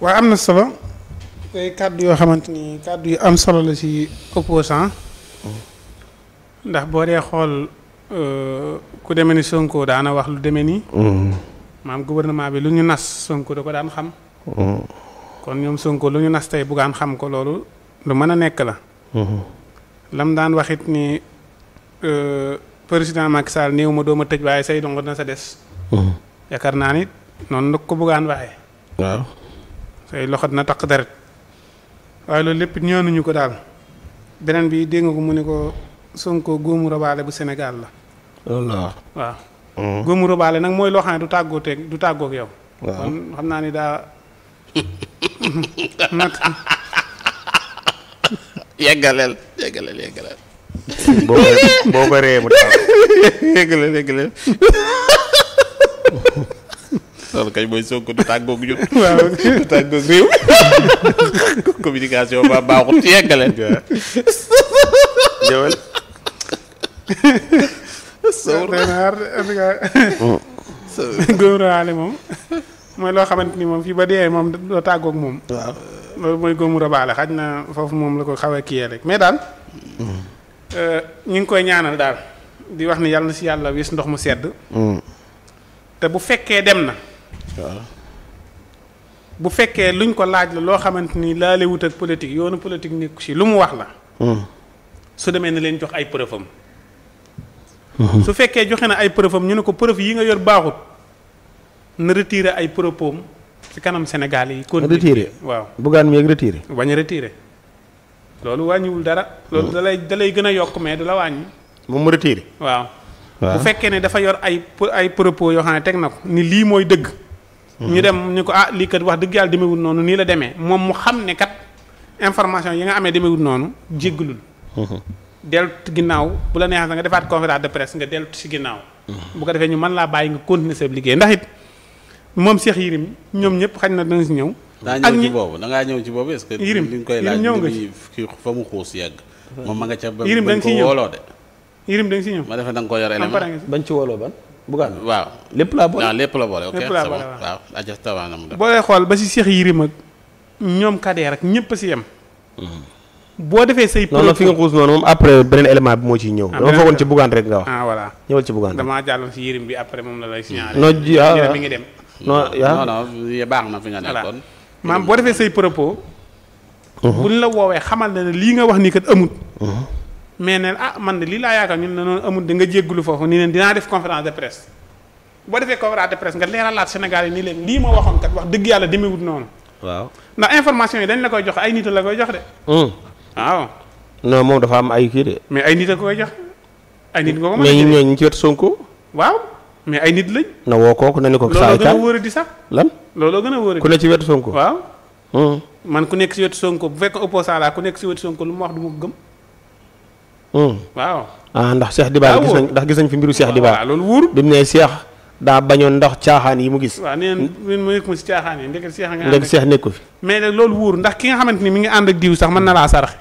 waa am na solo yooyu kàddu yoo xamante ni kàddu yu am solo la ci opposant ndax boo dee xool euh, ku demee ni Sonko daana wax lu demee nii. maam gouvernement bi lu ñu nas Sonko da ko daan xam. kon ñoom Sonko lu ñu nas tey buggaan xam ko loolu lu mën a nekk la. lam daan waxit ni euh, président Macky saal néew ma dooma tëj waaye say dongo na sa des. Hmm. yaakaar naa nit noonu la ko buggaan waxee. waaw say loxo dina taq deret waaye loolu lépp ñaanuñu ko daal beneen bi dégg ko mu ne ko Sonko góomu robaale bu Sénégal la. waaw. Hmm. góomu robaale nag mooy loxo xam ne du tàggoo teeg du tàggoo ak yow. kon xam naa ni daa. yeggaleel yeggaleel yeggaleel. yeggaleel yeggaleel. loolu kay mooy Sonko du tàggoog ñun. waaw loo xamante ni moom fii ba dee moom doo tàggoog moom. waaw loolu mooy góomu rabaale xaj na foofu moom la ko xaw a kiyee rek mais daal. Mm. Euh, ñu ngi koy ñaanal daal di wax ni yàlla si yàlla wis ndox mu sedd. Mm. te bu fekkee dem na. waaw bu fekkee lu luñ ko laaj la loo xamante ni laale wut ak politique yoonu politique nekku si lu mu wax la. Hmm. su demee na leen jox ay preuve hmm. su fekkee joxe na ay preuve ñu ne ko preuve yi nga yor baaxut na retirer ay propos am ci kanam senegal yi. kon retirer waaw bu mi ak retirer. bañ a loolu wàññiwul dara. loolu hmm. da lay gën a yokk mais du la wàññi. mu retirer. waaw bu fekkee ne dafa yor ay ay propos yoo xam ne teg na ko ni lii mooy dëgg. ñu dem ñu ko ah lii kat wax dëgg yàlla demewul noonu nii la demee moom mu xam ne kat information yi nga amee demewul noonu jéggalul dellut ginnaaw bu la neexee nga defaat conférence de presse nga dellut si ginnaaw bu ko defee ñu mën laa bàyyi nga continuer sa liggéey ndax it moom Cheikh Yirim ñoom ñëpp xañ na dana si ñëw ak ñi boobu da ngaa ñëw ci boobu est-ce que Yirim li ñu koy laaj ñëw nga ci fa mu xuus yàgg moom ma nga ca ba Yirim da nga siy ñëw wooloo de Yirim da nga siy ñëw ma defee da ko yor élément bañ bugaan waaw lépp laa boole. la lépp laa boole waaw aja tabaana mu def xool ba si Cheikh Yirim ak ñoom Kader ak ñëpp a si yem. Hmm. boo defee say. non non fi nga xuus noonu moom après beneen élément bi moo ciy ñëw. Ah, dama foogoon ci bugaan rek nga wax. ah voilà ñëwal ci bugaan. damaa jàlloon si Yirim bi après moom la lay signalé. non ji waaw ah. dem. non baax na fi nga nekkoon. maam boo defee say propos. Mhm. buñ la woowee xamal na ne lii nga wax ni kat amut. Mhm. mais neen ah man de lii laa yaakaar ñun ne noonu amul da nga jéggulu foofu ni leen dinaa def conférence de presse boo defee conférence de presse nga leeralaat Sénégal yi nii leen lii ma waxoon kat wax dëgg yàlla demewut noonu waaw ndax information yi dañ la koy jox ay nit la koy jox de hmm. waaw non moom dafa am ay kii mais ay nit a koy jox nit nga ko mën mais ñoo ñu waaw mais ay nit lañ na woo kooku nañu ko saa looloo gën di sax lan looloo gën a wóor ku ne ci wet Sonko waaw hmm. man ku nekk si wet Sonko bu fekk opposant la ku nekk si wet Sonko lu ma wax du gëm Hmm. waaw ah ndax Cheikh Diba gis nañ ndax gis nañ fi mbiru Cheikh ah, Diba loolu wóor bi mu ne seex daa bañoo ndax caaxaan yi mu gis waaw nee na mu nekkuma si caaxaan yi ndek Cheikh nga ndek Cheikh nekku fi mais nag loolu wóor ndax ki nga xamante ni mi ngi ànd ak diw sax mën na laa sarax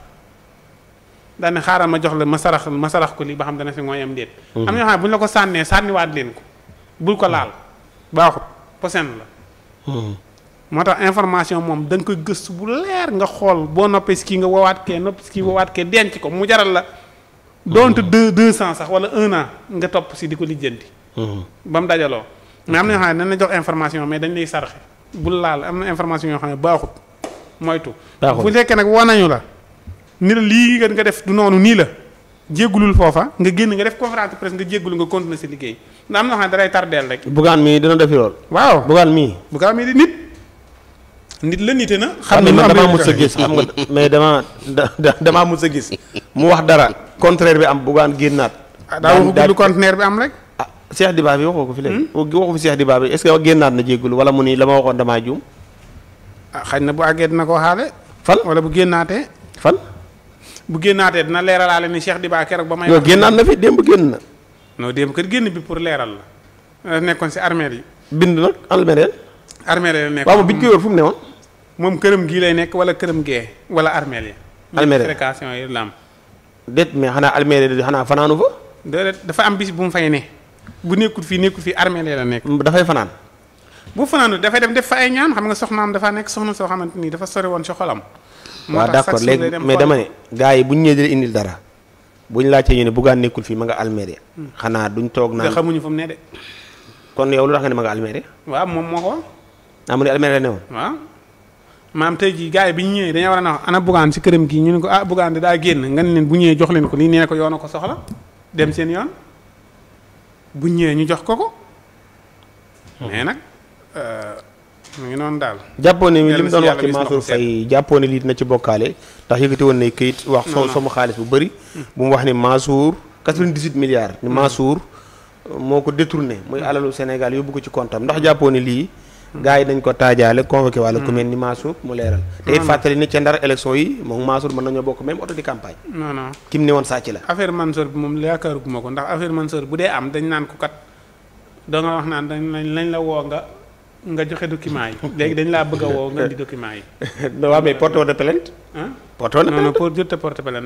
daane xaaral ma jox la ma sarax ma sarax ko lii ba xam dana fi mooy am déet hmm. am na xam ne bu ñu la ko sànnee sànniwaat leen ko bul ko laal baaxut posen la hmm. moo tax information moom da ko koy gëstu bu leer nga xool boo noppee si kii nga woowaat kee noppee si kii woowaat kee ko mu jaral la donte deux deux cent sax wala un an nga topp si di ko lijjanti. Mhm. ba mu dajaloo. mais am na ñoo xam ne dañ la jox information mais dañ lay sarxe bul laal am na information yoo xam ne baaxut moytu. baaxut bu nekkee nag woo nañu la. ni la lii nga def du noonu nii la. jéggulul foofa nga génn nga def conférence presse nga jéggul nga continuer sa liggéey ndax am na ñoo xam ne da lay tardeel rek. bugaan mii dina def lool. waaw bugaan mii. bugaan mii di nit. nit la nite na. xam ne damaa mës a gis mais damaa damaa mës gis mu wax dara contraire bi am bugaan génnaat. Ah, daa wax lu contraire bi am rek. ah Cheikh Diba bi waxoo ko fi léegi. Hmm? waxu fi Cheikh Diba bi est génnaat na jéggulu wala mu ni la ma waxoon damaa juum. ah xañ na bu àggee dina ko xaale. fan wala bu génnaatee. fan. bu génnaatee dina leeralaale ni Cheikh Diba keroog ba may. génnaat na fi démb génn na. non démb kat génn bi pour leeral la. Eh, nekkoon si armée yi. bind nag armée fu mu ne moom këram gii lay nekk wala këram gee wala armeel yi. armeel yi fréquentation yi mais xanaa armeel yi xanaa fanaanu fa. déedéet dafa am bis bu mu fay ne bu nekkul fii nekkul fii armeel yi la mm, dafay fanaan. bu fanaanu dafay dem def fa ay ñaan xam nga soxnaam dafa nekk soxna soo xamante ni dafa sore woon si xolam. moo tax sax si mais dama ne gars yi bu ñu ñëwee di indil dara. bu ñu laajtee ñu ne buggaan nekkul fii ma nga Almere. Mm. xanaa duñ toog naan xamuñu fu mu ne de. kon yow lu tax nga ne ma nga Almere. waaw moom moo ko. ah mu ne woon. waaw maam tey jii gars yi bi ñu ñëwee dañoo war a wax ana bugaan si këram gii ñu ne ko ah bugaan de daa génn nga ne leen bu ñëwee jox leen ko lii nee ko yoon a ko soxla dem seen yoon bu ñëwee ñu jox ko ko. mais nag euh, mu ngi noonu daal. jàppoon ne li mu doon wax ci Mansour lii dina ci bokkaale ndax yëkkati woon ne këyit wax. non sama xaalis bu bari mm. bu mu wax ne Mansour 98 milliards. ni mm. Mansour euh, moo ko détourné muy mm. alalu Sénégal yóbbu ko ci compte ndax jàppoon ne lii. gars yi dañ ko taajaale convoqué wàlla ku mel mm. ni Mansour mu leeral te it fàttali ni ca ndar élection yi moom Mansour mën nañoo bokk même oto di campagne non non kim ne woon sàcc la affaire Mansour bi moom yaakaaruma ko ndax affaire Mansour bu dee am dañ naan ko kat doo nga wax naan dañ lañ la woo nga nga joxe document yi léegi dañ laa bëgg a woo nga di document yi waaw mais porté woon na plainte porté woon na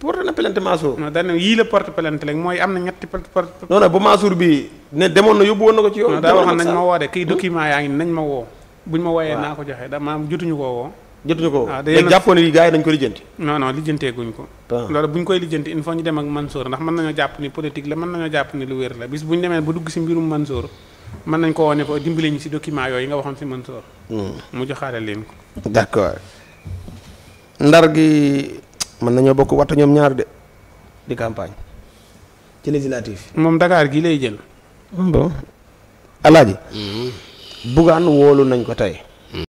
porte na plainte Mansour. non daan yii la porte plainte léegi mooy am na ñetti porte. non bu Mansour bi ne demoon na yóbbu woon na ko ci yow. non daa waxoon nañ ma woo de kii hmm? document yaa ngi nañ ma woo. buñ ma wooyee naa ko joxe da maam jotuñu koo woo. jotuñu ko ah, waaw léegi jàppoon ni lu wér la bis buñ demee ba dugg si mbirum Mansour mën nañ ko wane ko dimbali ñu si document yooyu nga waxoon si Mansour. Hmm. mu joxaale leen ko. d'accord ndar gi mën nañoo bokk watta ñoom ñaar de di campagne ci législatif moom Dakar gi lay jël. bon alaaji. Mm-hmm. Bougane woolu nañ ko tey.